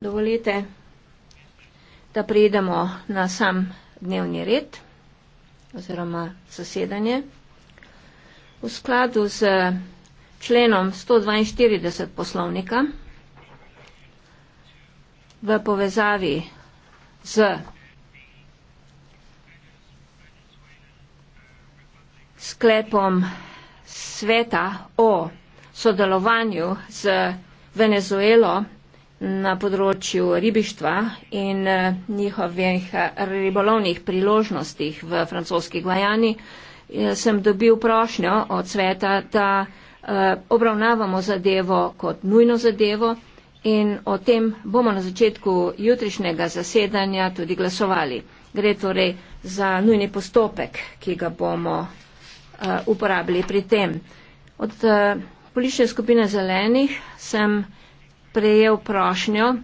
Dovolite, da prejdemo na sam dnevni red oziroma zasedanje. V skladu z členom 142 poslovnika v povezavi z sklepom sveta o sodelovanju z Venezuelo na področju ribištva in eh, njihovih eh, ribolovnih priložnostih v francoski Gvajani, eh, sem dobil prošnjo od sveta, da obravnavamo zadevo kot nujno zadevo in o tem bomo na začetku jutrišnjega zasedanja tudi glasovali. Gre torej za nujni postopek, ki ga bomo uporabili pri tem. Od politične skupine zelenih sem sprejel prošnjo.